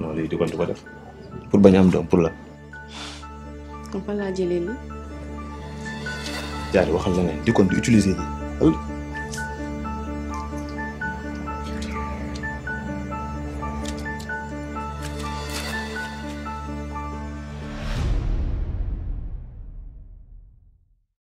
non lii di ko di ko def pour bañ am doom pour la. kon fan laa jëlee nii. jaari waxal la ne di ko di utiliser nii.